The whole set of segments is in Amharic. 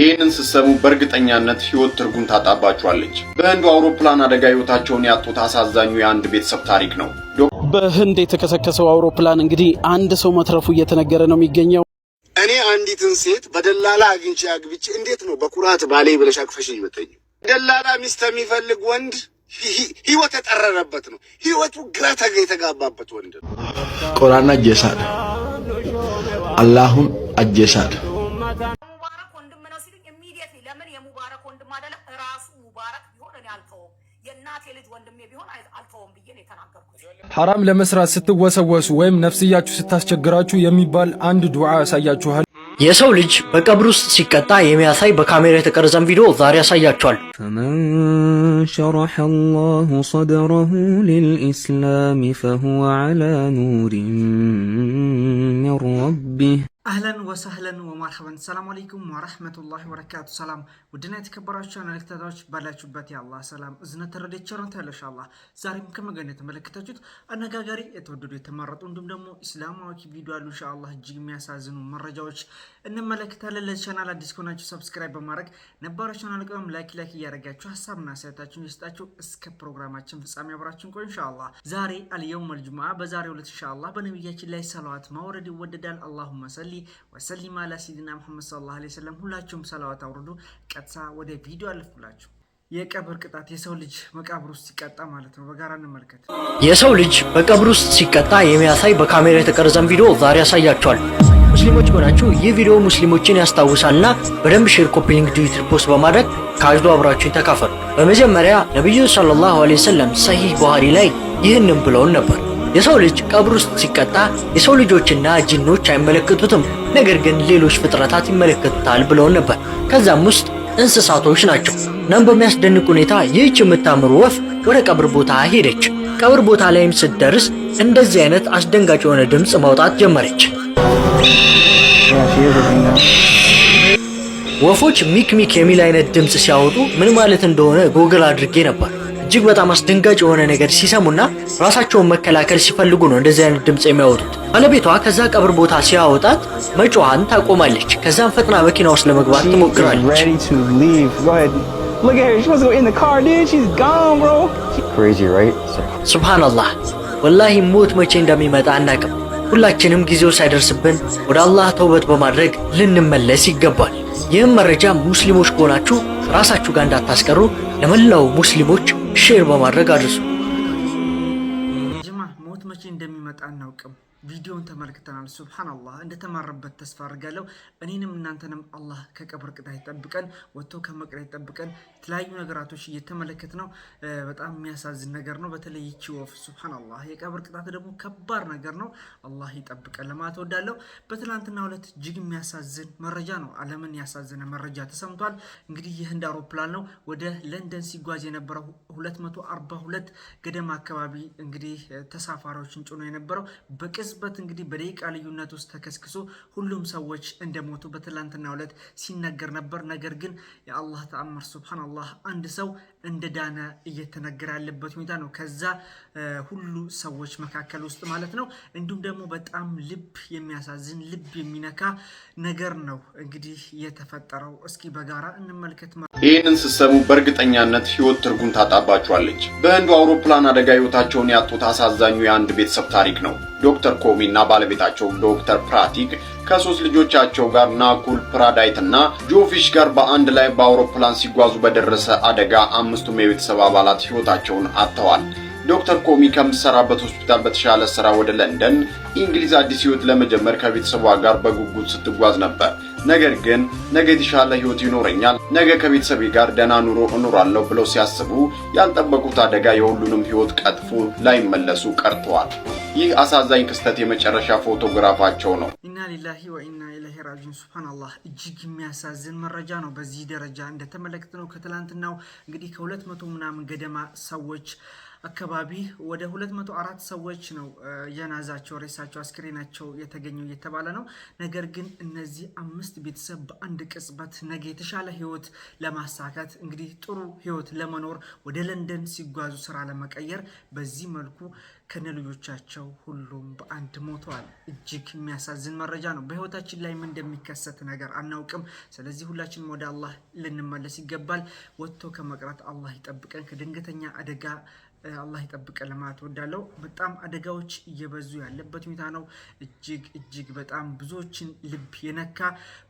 ይህንን ስትሰሙ በእርግጠኛነት ህይወት ትርጉም ታጣባችኋለች። በህንዱ አውሮፕላን አደጋ ህይወታቸውን ያጡት አሳዛኙ የአንድ ቤተሰብ ታሪክ ነው። በህንድ የተከሰከሰው አውሮፕላን እንግዲህ አንድ ሰው መትረፉ እየተነገረ ነው የሚገኘው። እኔ አንዲትን ሴት በደላላ አግኝቼ አግብቼ እንዴት ነው በኩራት ባሌ ብለሽ አቅፈሽ ይመጠኝ? ደላላ ሚስት የሚፈልግ ወንድ ህይወት የጠረረበት ነው። ህይወቱ ግራ የተጋባበት ወንድ ነው። ቆራና አጀሳል አላሁን አጀሳል የእናቴ ልጅ ወንድሜ ቢሆን አልተውም ብዬ ነው የተናገርኩት። ሐራም ለመስራት ስትወሰወሱ ወይም ነፍስያችሁ ስታስቸግራችሁ የሚባል አንድ ዱዓ ያሳያችኋል። የሰው ልጅ በቀብር ውስጥ ሲቀጣ የሚያሳይ በካሜራ የተቀረጸን ቪዲዮ ዛሬ ያሳያችኋል። ፈመን ሸረሐ አላሁ ሰድረሁ ሊልኢስላሚ ፈሁወ ዐላ ኑሪን ሚን ረቢህ አህለን ወሰህለን ወማርሐበን ሰላም አለይኩም ወረህመቱላሂ ወበረካቱ። ሰላም ውድና የተከበራችሁ ተከታታዮች ባላችሁበት የአላህ ሰላም እዝነት ተረደቸረን ታለሻ አላህ ዛሬም ከመገን የተመለከታችሁት አነጋጋሪ የተወደዱ የተመረጡ እንዲሁም ደግሞ ኢስላማዊ ቪዲዮ አሉ ኢንሻአላህ እጅግ የሚያሳዝኑ መረጃዎች እንመለከታለን። ለቻናል አዲስ ከሆናችሁ ሰብስክራይብ በማድረግ ነባሮች አልቀም ላይክ ላይክ እያደረጋችሁ ሀሳብና አስተያየታችሁን እየሰጣችሁ እስከ ፕሮግራማችን ፍጻሜ አብራችሁን ቆዩ ኢንሻአላህ። ዛሬ አልየውመል ጁሙዓ በዛሬው ዕለት ኢንሻአላህ በነቢያችን ላይ ሰላዋት ማውረድ ይወደዳል። አላሁመ ሰሊ ወሰሊም አላ ሲድና ሙሐመድ ሰለላሁ ዐለይሂ ወሰለም። ሁላችሁም ሰላዋት አውርዱ። ቀጥታ ወደ ቪዲዮ አለፍኩላችሁ። የቀብር ቅጣት የሰው ልጅ መቃብር ውስጥ ሲቀጣ ማለት ነው። በጋራ እንመልከት። የሰው ልጅ በቀብር ውስጥ ሲቀጣ የሚያሳይ በካሜራ የተቀረዘን ቪዲዮ ዛሬ ያሳያችኋል። ሙስሊሞች ሆናችሁ ይህ ቪዲዮ ሙስሊሞችን ያስታውሳልና በደንብ ሼር፣ ኮፒ ሊንክ፣ ዲዩት፣ በማድረግ ከአጅዶ አብራችሁን ተካፈሉ። በመጀመሪያ ነቢዩ ሰለላሁ ዐለይሂ ወሰለም ሰሂህ ቡኻሪ ላይ ይህንን ብለውን ነበር የሰው ልጅ ቀብር ውስጥ ሲቀጣ የሰው ልጆችና ጂኖች አይመለከቱትም፣ ነገር ግን ሌሎች ፍጥረታት ይመለከቱታል ብለውን ነበር። ከዛም ውስጥ እንስሳቶች ናቸው። እናም በሚያስደንቅ ሁኔታ ይህች የምታምር ወፍ ወደ ቀብር ቦታ ሄደች። ቀብር ቦታ ላይም ስትደርስ እንደዚህ አይነት አስደንጋጭ የሆነ ድምፅ ማውጣት ጀመረች። ወፎች ሚክ ሚክ የሚል አይነት ድምፅ ሲያወጡ ምን ማለት እንደሆነ ጎግል አድርጌ ነበር። እጅግ በጣም አስደንጋጭ የሆነ ነገር ሲሰሙና ራሳቸውን መከላከል ሲፈልጉ ነው እንደዚህ አይነት ድምፅ የሚያወጡት። ባለቤቷ ከዛ ቀብር ቦታ ሲያወጣት መጮሃን ታቆማለች። ከዛም ፈጥና መኪና ውስጥ ለመግባት ትሞክራለች። ሱብሃነላህ ወላሂ ሞት መቼ እንደሚመጣ አናቅም። ሁላችንም ጊዜው ሳይደርስብን ወደ አላህ ተውበት በማድረግ ልንመለስ ይገባል። ይህም መረጃ ሙስሊሞች ከሆናችሁ ራሳችሁ ጋር እንዳታስቀሩ ለመላው ሙስሊሞች ሼር በማድረግ አድርሱ። ጅማ ሞት መቼ እንደሚመጣ አናውቅም። ቪዲዮን ተመልክተናል። ሱብሓነላህ እንደተማረበት ተስፋ አድርጋለሁ። እኔንም እናንተንም አላህ ከቀብር ቅጣት ይጠብቀን፣ ወጥቶ ከመቅረት ይጠብቀን። የተለያዩ ነገራቶች እየተመለከት ነው። በጣም የሚያሳዝን ነገር ነው። በተለይ ይቺ ወፍ ሱብሓነላህ። የቀብር ቅጣት ደግሞ ከባድ ነገር ነው። አላህ ይጠብቀን ለማለት እወዳለሁ። በትናንትናው ሁለት እጅግ የሚያሳዝን መረጃ ነው፣ አለምን ያሳዘነ መረጃ ተሰምቷል። እንግዲህ የህንድ አውሮፕላን ነው ወደ ለንደን ሲጓዝ የነበረው 242 ገደማ አካባቢ እንግዲህ ተሳፋሪዎችን ጭኖ የነበረው በቅ ህዝበት እንግዲህ በደቂቃ ልዩነት ውስጥ ተከስክሶ ሁሉም ሰዎች እንደሞቱ በትላንትና ዕለት ሲነገር ነበር። ነገር ግን የአላህ ተአምር ሱብሃነላህ አንድ ሰው እንደ ዳነ እየተነገረ ያለበት ሁኔታ ነው። ከዛ ሁሉ ሰዎች መካከል ውስጥ ማለት ነው። እንዲሁም ደግሞ በጣም ልብ የሚያሳዝን ልብ የሚነካ ነገር ነው እንግዲህ የተፈጠረው። እስኪ በጋራ እንመልከት። ይህንን ስሰሙ በእርግጠኛነት ህይወት ትርጉም ታጣባችኋለች። በህንዱ አውሮፕላን አደጋ ህይወታቸውን ያጡት አሳዛኙ የአንድ ቤተሰብ ታሪክ ነው። ዶክተር ኮሚ እና ባለቤታቸው ዶክተር ፕራቲክ ከሶስት ልጆቻቸው ጋር ናኩል ፕራዳይትና ጆፊሽ ጋር በአንድ ላይ በአውሮፕላን ሲጓዙ በደረሰ አደጋ አምስቱም የቤተሰብ አባላት ሕይወታቸውን አጥተዋል። ዶክተር ኮሚ ከምትሰራበት ሆስፒታል በተሻለ ስራ ወደ ለንደን እንግሊዝ አዲስ ህይወት ለመጀመር ከቤተሰቧ ጋር በጉጉት ስትጓዝ ነበር። ነገር ግን ነገ የተሻለ ህይወት ይኖረኛል፣ ነገ ከቤተሰቤ ጋር ደህና ኑሮ እኖራለሁ ብለው ሲያስቡ ያልጠበቁት አደጋ የሁሉንም ህይወት ቀጥፎ ላይመለሱ ቀርተዋል። ይህ አሳዛኝ ክስተት የመጨረሻ ፎቶግራፋቸው ነው። ኢና ሊላሂ ወኢና ኢለይሂ ራጂዑን። ሱብሃነላህ እጅግ የሚያሳዝን መረጃ ነው። በዚህ ደረጃ እንደተመለከትነው ከትላንትናው እንግዲህ ከሁለት መቶ ምናምን ገደማ ሰዎች አካባቢ ወደ 204 ሰዎች ነው የናዛቸው ሬሳቸው አስክሬናቸው የተገኘው እየተባለ ነው። ነገር ግን እነዚህ አምስት ቤተሰብ በአንድ ቅጽበት ነገ የተሻለ ህይወት ለማሳካት እንግዲህ ጥሩ ህይወት ለመኖር ወደ ለንደን ሲጓዙ ስራ ለመቀየር በዚህ መልኩ ከነልጆቻቸው ሁሉም በአንድ ሞተዋል። እጅግ የሚያሳዝን መረጃ ነው። በህይወታችን ላይ ምን እንደሚከሰት ነገር አናውቅም። ስለዚህ ሁላችንም ወደ አላህ ልንመለስ ይገባል። ወጥቶ ከመቅረት አላህ ይጠብቀን ከድንገተኛ አደጋ አላህ ይጠብቀ ለማለት ወዳለው በጣም አደጋዎች እየበዙ ያለበት ሁኔታ ነው። እጅግ እጅግ በጣም ብዙዎችን ልብ የነካ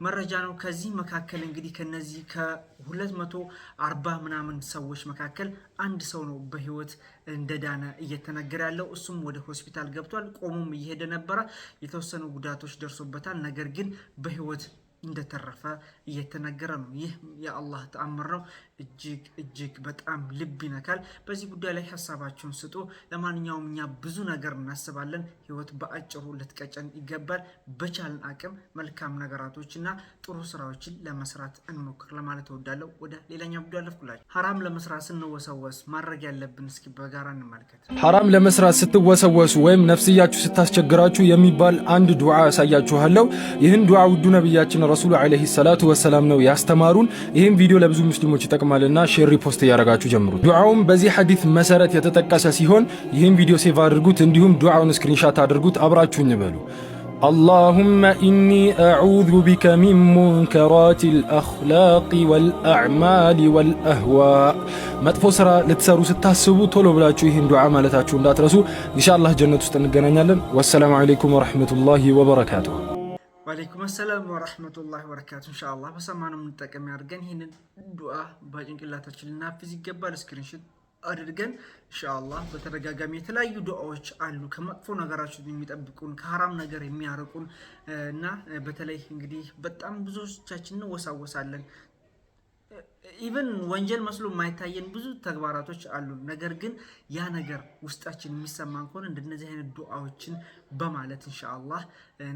መረጃ ነው። ከዚህ መካከል እንግዲህ ከነዚህ ከ240 ምናምን ሰዎች መካከል አንድ ሰው ነው በህይወት እንደዳነ እየተነገረ ያለው። እሱም ወደ ሆስፒታል ገብቷል። ቆሞም እየሄደ ነበረ። የተወሰኑ ጉዳቶች ደርሶበታል። ነገር ግን በህይወት እንደተረፈ እየተነገረ ነው። ይህ የአላህ ተአምር ነው። እጅግ እጅግ በጣም ልብ ይነካል። በዚህ ጉዳይ ላይ ሀሳባቸውን ስጡ። ለማንኛውም እኛ ብዙ ነገር እናስባለን። ህይወት በአጭሩ ልትቀጨን ይገባል። በቻልን አቅም መልካም ነገራቶችና ጥሩ ስራዎችን ለመስራት እንሞክር ለማለት እወዳለሁ። ወደ ሌላኛው ጉዳይ አለፍኩላችሁ። ሀራም ለመስራት ስንወሰወስ ማድረግ ያለብን እስኪ በጋራ እንመልከት። ሀራም ለመስራት ስትወሰወሱ ወይም ነፍስያችሁ ስታስቸግራችሁ የሚባል አንድ ዱዓ ያሳያችኋለሁ። ይህን ዱዓ ውዱ ነቢያችን ረሱሉ ዓለይሂ ሰላቱ ወሰላም ነው ያስተማሩን። ይህም ቪዲዮ ለብዙ ሙስሊሞች ይጠቅማል ይጠቅማልና ሼር ሪፖስት እያደረጋችሁ ጀምሩት። ዱዓውም በዚህ ሐዲት መሰረት የተጠቀሰ ሲሆን ይህም ቪዲዮ ሴቭ አድርጉት፣ እንዲሁም ዱዓውን ስክሪንሻት አድርጉት። አብራችሁኝ በሉ አላሁመ ኢኒ አዑዙ ቢከ ሚን ሙንከራት ልአኽላቅ ወልአዕማል ወልአህዋእ። መጥፎ ሥራ ልትሰሩ ስታስቡ ቶሎ ብላችሁ ይህን ዱዓ ማለታችሁ እንዳትረሱ። እንሻ አላህ ጀነት ውስጥ እንገናኛለን። ወሰላሙ ዓለይኩም ወረሕመቱላሂ ወበረካቱሁ። ዋሌይኩም አሰላም ወረህመቱላሂ ወበረካቱ። እንሻአላህ በሰማነው የምንጠቀም ያድርገን። ይህንን ዱአ በጭንቅላታችን ልናፍዝ ይገባል። ስክሪንሽት አድርገን እንሻአላህ በተደጋጋሚ የተለያዩ ዱዓዎች አሉ፣ ከመጥፎ ነገራችን የሚጠብቁን ከሀራም ነገር የሚያርቁን እና በተለይ እንግዲህ በጣም ብዙዎቻችን እንወሳወሳለን ኢቨን ወንጀል መስሎ የማይታየን ብዙ ተግባራቶች አሉ። ነገር ግን ያ ነገር ውስጣችን የሚሰማን ከሆነ እንደነዚህ አይነት ዱዓዎችን በማለት እንሻአላህ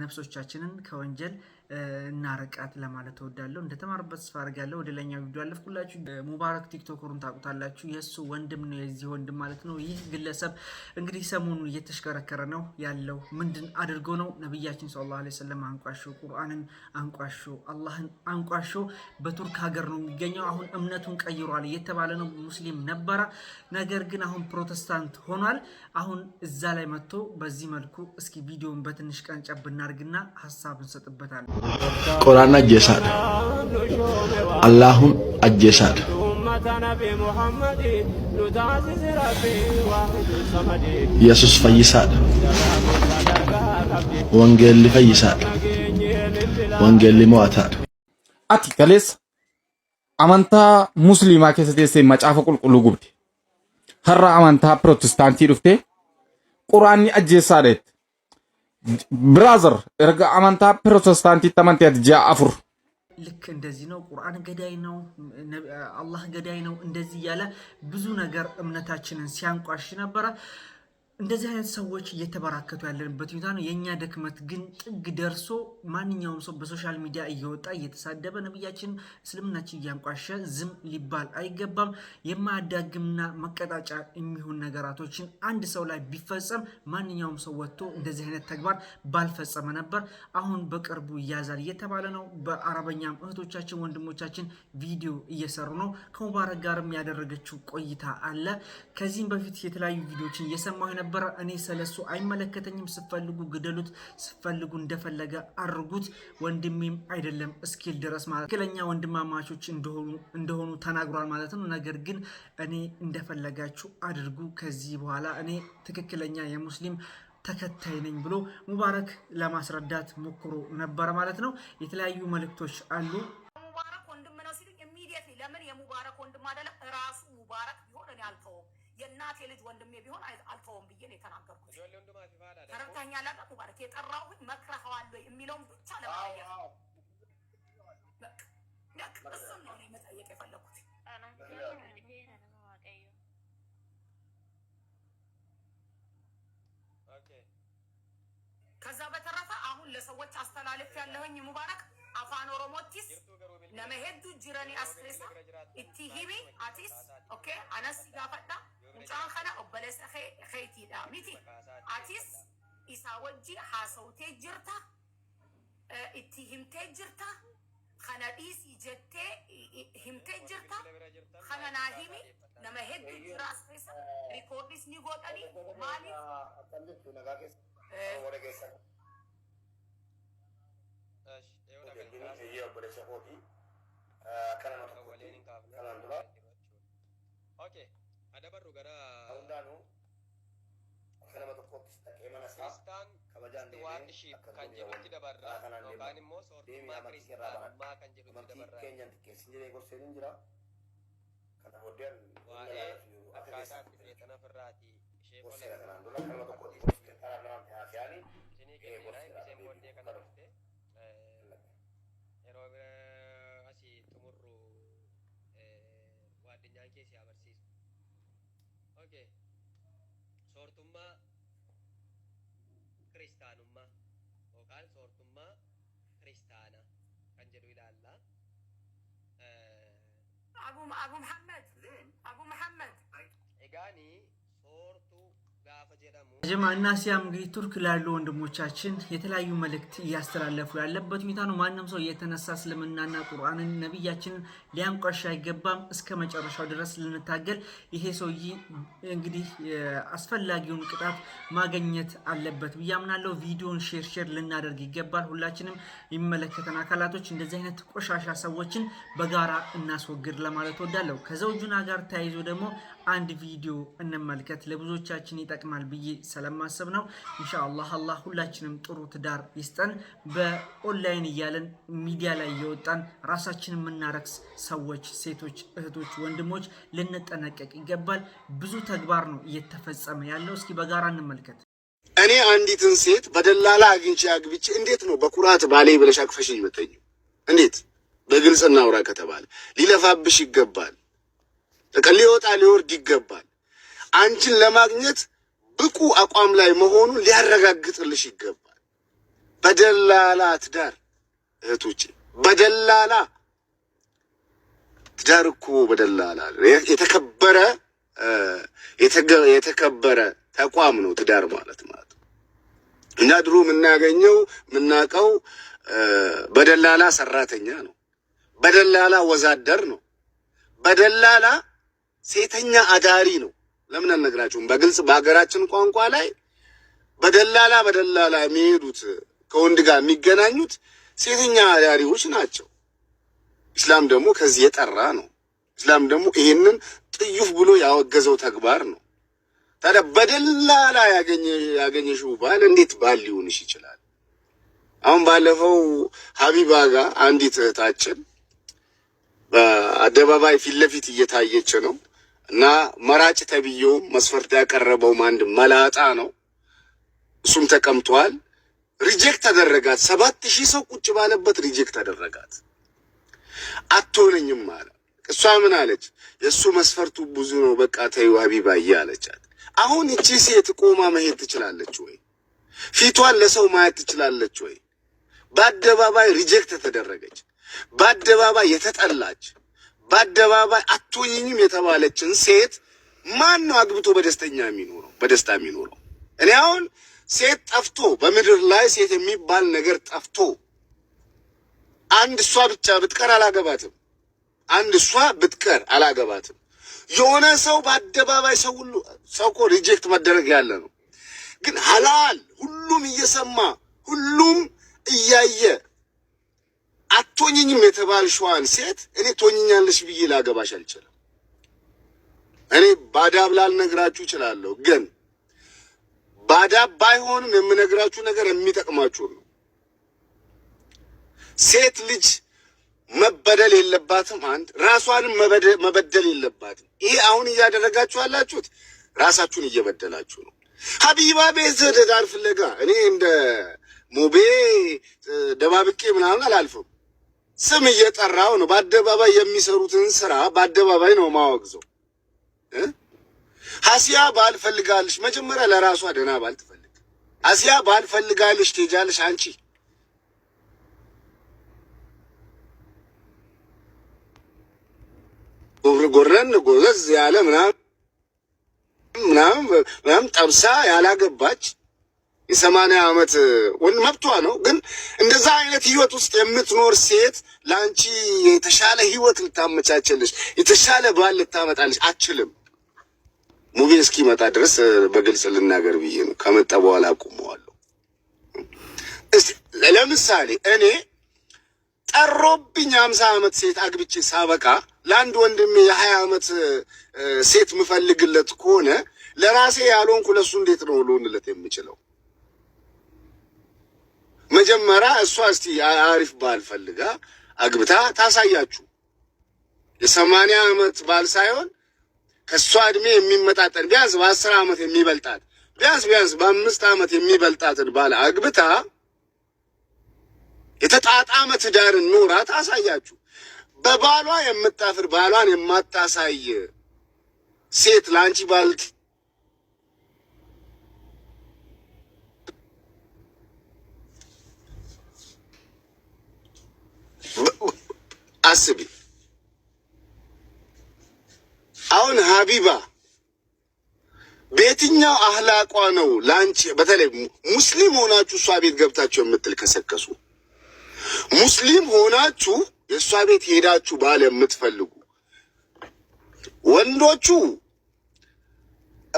ነፍሶቻችንን ከወንጀል እና ርቀት ለማለት እወዳለሁ። እንደተማርበት ስፋ አድርጋለሁ። ወደ ላይኛው ቪዲዮ አለፍኩላችሁ። ሙባረክ ቲክቶከሩን ታውቁታላችሁ። የእሱ ወንድም ነው የዚህ ወንድም ማለት ነው። ይህ ግለሰብ እንግዲህ ሰሞኑን እየተሽከረከረ ነው ያለው ምንድን አድርጎ ነው? ነቢያችን ሰለላሁ ዐለይሂ ወሰለም አንቋሾ፣ ቁርአንን አንቋሾ፣ አላህን አንቋሾ በቱርክ ሀገር ነው የሚገኘው። አሁን እምነቱን ቀይሯል እየተባለ ነው። ሙስሊም ነበረ፣ ነገር ግን አሁን ፕሮቴስታንት ሆኗል። አሁን እዛ ላይ መጥቶ በዚህ መልኩ እስኪ ቪዲዮን በትንሽ ቀን ጨብ እናድርግና ሀሳብ እንሰጥበታለን። ቆራና አጀሳድ አላሁን አጀሳድ ኢየሱስ ፈይሳል። ወንጌል ፈይሳል። ወንጌል ሞአታል ati kaleessa amantaa musliimaa keessa teessee macaafa qulqulluu gubde har'a amantaa pirotestaantii dhufte quraanni ajjeessaadha jette ብራዘር እርጋ አመንታ ፕሮቴስታንት ተመንቴት ጃ አፉር ልክ እንደዚህ ነው። ቁርአን ገዳይ ነው፣ አላህ ገዳይ ነው፣ እንደዚህ እያለ ብዙ ነገር እምነታችንን ሲያንቋሽ ነበረ። እንደዚህ አይነት ሰዎች እየተበራከቱ ያለንበት ሁኔታ ነው። የእኛ ድክመት ግን ጥግ ደርሶ ማንኛውም ሰው በሶሻል ሚዲያ እየወጣ እየተሳደበ ነብያችን እስልምናችን እያንቋሸ ዝም ሊባል አይገባም። የማያዳግምና መቀጣጫ የሚሆን ነገራቶችን አንድ ሰው ላይ ቢፈጸም ማንኛውም ሰው ወጥቶ እንደዚህ አይነት ተግባር ባልፈጸመ ነበር። አሁን በቅርቡ ይያዛል እየተባለ ነው። በአረበኛም እህቶቻችን ወንድሞቻችን ቪዲዮ እየሰሩ ነው። ከሙባረክ ጋርም ያደረገችው ቆይታ አለ። ከዚህም በፊት የተለያዩ ቪዲዮዎችን እየሰማሁ ነበረ። እኔ ስለሱ አይመለከተኝም፣ ስፈልጉ ግደሉት፣ ስፈልጉ እንደፈለገ የሚያደርጉት ወንድሜም አይደለም እስኪል ድረስ ማለት ትክክለኛ ወንድማማቾች እንደሆኑ ተናግሯል ማለት ነው። ነገር ግን እኔ እንደፈለጋችሁ አድርጉ፣ ከዚህ በኋላ እኔ ትክክለኛ የሙስሊም ተከታይ ነኝ ብሎ ሙባረክ ለማስረዳት ሞክሮ ነበረ ማለት ነው። የተለያዩ መልእክቶች አሉ። ልጅ ወንድሜ ቢሆን አልተውም ብዬ ነው የተናገርኩት። ተረብተኛል አይደል? ሙባረክ የጠራሁኝ መክረኸዋል የሚለውን ብቻ ለማየት እሱን ነው መጠየቅ የፈለኩት። ከዛ በተረፈ አሁን ለሰዎች አስተላለፍ ያለሁኝ ሙባረክ አፋን ኦሮሞቲስ ነመሄዱ ጅረኒ አስሬሳ ኢቲ ሂቢ አቲስ ኦኬ አነስ ጋፈጣ mucaan kana obboleessa keetiidha miti atis isaa wajji haasawtee jirta itti himtee jirta kana dhiisii jettee himtee jirta kana naa himi nama hedduu jira as keessa rikoordis ni godhani maaliif obboleessa kooti kana nama tokkotti kanaan dura dabarru gara hundaanuu akka nama tokkootti dhaqee mana isaa kabajaan deemee akka kan jedhutti immoo soortummaa kiristaanummaa kan jedhutti dabarra. Keenyaan jira. Kana akkaataa itti kan mootummaa kiristaanummaa yookaan soortummaa kiristaana kan jedhu ilaalla. Abu Abu Muhammad Abu Muhammad egaani soortu ጀማ እና ሲያም እንግዲህ ቱርክ ላሉ ወንድሞቻችን የተለያዩ መልእክት እያስተላለፉ ያለበት ሁኔታ ነው። ማንም ሰው የተነሳ እስልምናና ቁርአንን ነቢያችንን ሊያንቋሽ አይገባም። እስከ መጨረሻው ድረስ ልንታገል። ይሄ ሰውዬ እንግዲህ አስፈላጊውን ቅጣት ማገኘት አለበት ብዬ አምናለሁ። ቪዲዮን ሼር ሼር ልናደርግ ይገባል። ሁላችንም የሚመለከተን አካላቶች እንደዚህ አይነት ቆሻሻ ሰዎችን በጋራ እናስወግድ ለማለት ወዳለሁ። ከዘውጁና ጋር ተያይዞ ደግሞ አንድ ቪዲዮ እንመልከት። ለብዙዎቻችን ይጠ ይጠቅማል ብዬ ስለማሰብ ነው። ኢንሻአላህ አላህ ሁላችንም ጥሩ ትዳር ይስጠን። በኦንላይን እያለን ሚዲያ ላይ እየወጣን ራሳችን የምናረክስ ሰዎች፣ ሴቶች፣ እህቶች፣ ወንድሞች ልንጠነቀቅ ይገባል። ብዙ ተግባር ነው እየተፈጸመ ያለው። እስኪ በጋራ እንመልከት። እኔ አንዲትን ሴት በደላላ አግኝቼ አግብቼ እንዴት ነው በኩራት ባሌ ብለሽ አቅፈሽ ይመጠኝ? እንዴት በግልጽ እናውራ ከተባለ ሊለፋብሽ ይገባል። ሊወጣ ሊወርድ ይገባል። አንቺን ለማግኘት ብቁ አቋም ላይ መሆኑን ሊያረጋግጥልሽ ይገባል። በደላላ ትዳር እህቶች፣ በደላላ ትዳር እኮ በደላላ የተከበረ የተከበረ ተቋም ነው ትዳር ማለት ማለት እና ድሮ የምናገኘው የምናውቀው በደላላ ሰራተኛ ነው፣ በደላላ ወዛደር ነው፣ በደላላ ሴተኛ አዳሪ ነው። ለምን አልነግራችሁም? በግልጽ በሀገራችን ቋንቋ ላይ በደላላ በደላላ የሚሄዱት ከወንድ ጋር የሚገናኙት ሴተኛ አዳሪዎች ናቸው። ኢስላም ደግሞ ከዚህ የጠራ ነው። ኢስላም ደግሞ ይህንን ጥዩፍ ብሎ ያወገዘው ተግባር ነው። ታዲያ በደላላ ያገኘሽው ባል እንዴት ባል ሊሆንሽ ይችላል? አሁን ባለፈው ሀቢባ ጋር አንዲት እህታችን በአደባባይ ፊት ለፊት እየታየች ነው እና መራጭ ተብዬው መስፈርት ያቀረበውም አንድ መላጣ ነው። እሱም ተቀምጧል። ሪጀክት ተደረጋት። ሰባት ሺህ ሰው ቁጭ ባለበት ሪጀክት ተደረጋት። አትሆነኝም አለ። እሷ ምን አለች? የእሱ መስፈርቱ ብዙ ነው፣ በቃ ተይው ሀቢባዬ አለቻት። አሁን እቺ ሴት ቆማ መሄድ ትችላለች ወይ? ፊቷን ለሰው ማየት ትችላለች ወይ? በአደባባይ ሪጀክት ተደረገች። በአደባባይ የተጠላች በአደባባይ አትሆኝም የተባለችን ሴት ማን ነው አግብቶ በደስተኛ የሚኖረው በደስታ የሚኖረው? እኔ አሁን ሴት ጠፍቶ በምድር ላይ ሴት የሚባል ነገር ጠፍቶ አንድ እሷ ብቻ ብትቀር አላገባትም። አንድ እሷ ብትቀር አላገባትም። የሆነ ሰው በአደባባይ ሰው ሁሉ ሰው እኮ ሪጀክት መደረግ ያለ ነው። ግን ሀላል ሁሉም እየሰማ ሁሉም እያየ አቶኝኝም የተባልሽዋን ሴት እኔ ቶኝኛለሽ ብዬ ላገባሽ አልችልም። እኔ ባዳብ ላልነግራችሁ እችላለሁ፣ ግን ባዳብ ባይሆንም የምነግራችሁ ነገር የሚጠቅማችሁ ነው። ሴት ልጅ መበደል የለባትም። አንድ ራሷንም መበደል የለባትም። ይሄ አሁን እያደረጋችሁ ያላችሁት ራሳችሁን እየበደላችሁ ነው። ሀቢባ ቤት ትዳር ፍለጋ እኔ እንደ ሙቤ ደባብቄ ምናምን አላልፍም። ስም እየጠራው ነው። በአደባባይ የሚሰሩትን ስራ በአደባባይ ነው ማወግዘው። ሀሲያ ባል ፈልጋልሽ፣ መጀመሪያ ለራሷ ደህና ባል ትፈልግ። ሀሲያ ባል ፈልጋልሽ ትሄጃለሽ አንቺ ጎረን ጎዘዝ ያለ ምናምን ምናምን ጠብሳ ያላገባች የሰማንያ ዓመት ወንድ መብቷ ነው። ግን እንደዛ አይነት ህይወት ውስጥ የምትኖር ሴት ለአንቺ የተሻለ ህይወት ልታመቻችልሽ፣ የተሻለ ባል ልታመጣልሽ አችልም። ሙቤ እስኪመጣ ድረስ በግልጽ ልናገር ብዬ ነው። ከመጣ በኋላ አቁመዋለሁ። ለምሳሌ እኔ ጠሮብኝ አምሳ ዓመት ሴት አግብቼ ሳበቃ ለአንድ ወንድሜ የሀያ ዓመት ሴት ምፈልግለት ከሆነ ለራሴ ያልሆንኩ ለሱ እንዴት ነው ልሆንለት የምችለው? መጀመሪያ እሷ እስቲ አሪፍ ባል ፈልጋ አግብታ ታሳያችሁ። የሰማንያ ዓመት ባል ሳይሆን ከእሷ እድሜ የሚመጣጠን ቢያንስ በአስር ዓመት የሚበልጣት ቢያንስ ቢያንስ በአምስት ዓመት የሚበልጣትን ባል አግብታ የተጣጣመ ትዳርን ኑራ ታሳያችሁ። በባሏ የምታፍር ባሏን የማታሳይ ሴት ለአንቺ ባልት አስቢ። አሁን ሀቢባ በየትኛው አህላቋ ነው ለአንቺ በተለይ ሙስሊም ሆናችሁ እሷ ቤት ገብታችሁ የምትልከሰከሱ ሙስሊም ሆናችሁ የእሷ ቤት ሄዳችሁ ባል የምትፈልጉ ወንዶቹ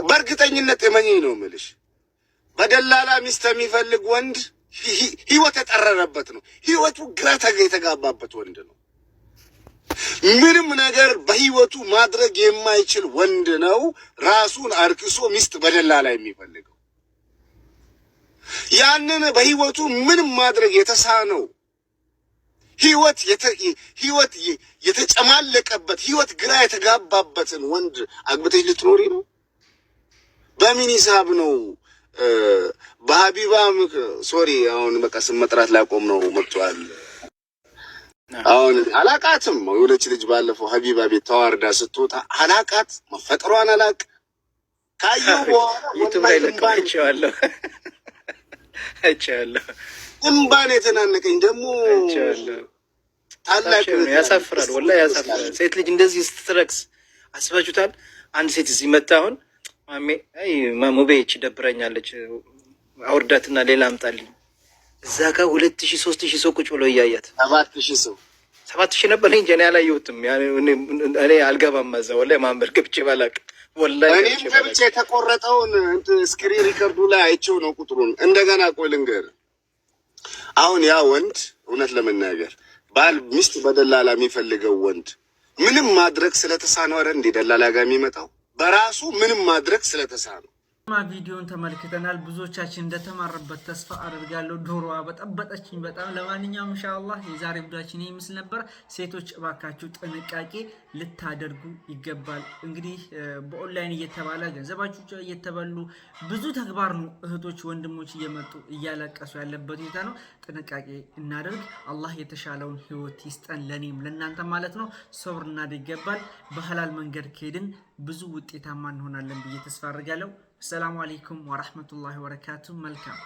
በእርግጠኝነት የመኘኝ ነው ምልሽ በደላላ ሚስት የሚፈልግ ወንድ ህይወት የጠረረበት ነው። ህይወቱ ግራ የተጋባበት ወንድ ነው። ምንም ነገር በህይወቱ ማድረግ የማይችል ወንድ ነው። ራሱን አርክሶ ሚስት በደላላ የሚፈልገው ያንን በህይወቱ ምንም ማድረግ የተሳነው ህይወት ህይወት የተጨማለቀበት ህይወት ግራ የተጋባበትን ወንድ አግብተች ልትኖሪ ነው? በምን ሂሳብ ነው በሀቢባ ሶሪ፣ አሁን በቃ ስም መጥራት ላቆም ነው መጥቷል። አሁን አላቃትም። የሆነች ልጅ ባለፈው ሀቢባ ቤት ተዋርዳ ስትወጣ አላቃት፣ መፈጠሯን አላቅ ካየሁ በኋላ አይቼዋለሁ አይቼዋለሁ። እምባን የተናነቀኝ ደግሞ ታላቅ ያሳፍራል፣ ወላሂ ያሳፍራል። ሴት ልጅ እንደዚህ ስትረክስ አስባችሁታል? አንድ ሴት እዚህ መታ አሁን ማሙቤ ሙቤች ደብረኛለች፣ አውርዳትና ሌላ አምጣልኝ። እዛ ጋር ሁለት ሺ ሶስት ሺ ሰው ቁጭ ብሎ እያያት ሰባት ሺ ሰው ሰባት ሺ ነበር። እንጂ እኔ አላየሁትም። እኔ አልገባም እዛ ወላሂ ማንበር ገብቼ ባላቅም ወላሂ እኔም ገብቼ የተቆረጠውን ስክሪን ሪከርዱ ላይ አይቼው ነው ቁጥሩን። እንደገና ቆይ ልንገርህ። አሁን ያ ወንድ እውነት ለመናገር ባል ሚስት በደላላ የሚፈልገው ወንድ ምንም ማድረግ ስለተሳኖረ ረ ደላላ ጋር የሚመጣው በራሱ ምንም ማድረግ ስለተሳነው ማ ቪዲዮን ተመልክተናል። ብዙዎቻችን እንደተማረበት ተስፋ አድርጋለሁ። ዶሮዋ በጠበጠችኝ በጣም። ለማንኛውም ኢንሻአላህ የዛሬ ቡዳችን ይመስል ነበር። ሴቶች እባካችሁ ጥንቃቄ ልታደርጉ ይገባል። እንግዲህ በኦንላይን እየተባለ ገንዘባችሁ እየተበሉ ብዙ ተግባር ነው እህቶች ወንድሞች እየመጡ እያለቀሱ ያለበት ሁኔታ ነው። ጥንቃቄ እናደርግ። አላህ የተሻለውን ህይወት ይስጠን ለእኔም ለእናንተ ማለት ነው። ሰብር እናደርግ ይገባል። በሀላል መንገድ ከሄድን ብዙ ውጤታማ እንሆናለን ብዬ ተስፋ አድርጋለሁ። السلام عليكم ورحمة الله وبركاته ملكم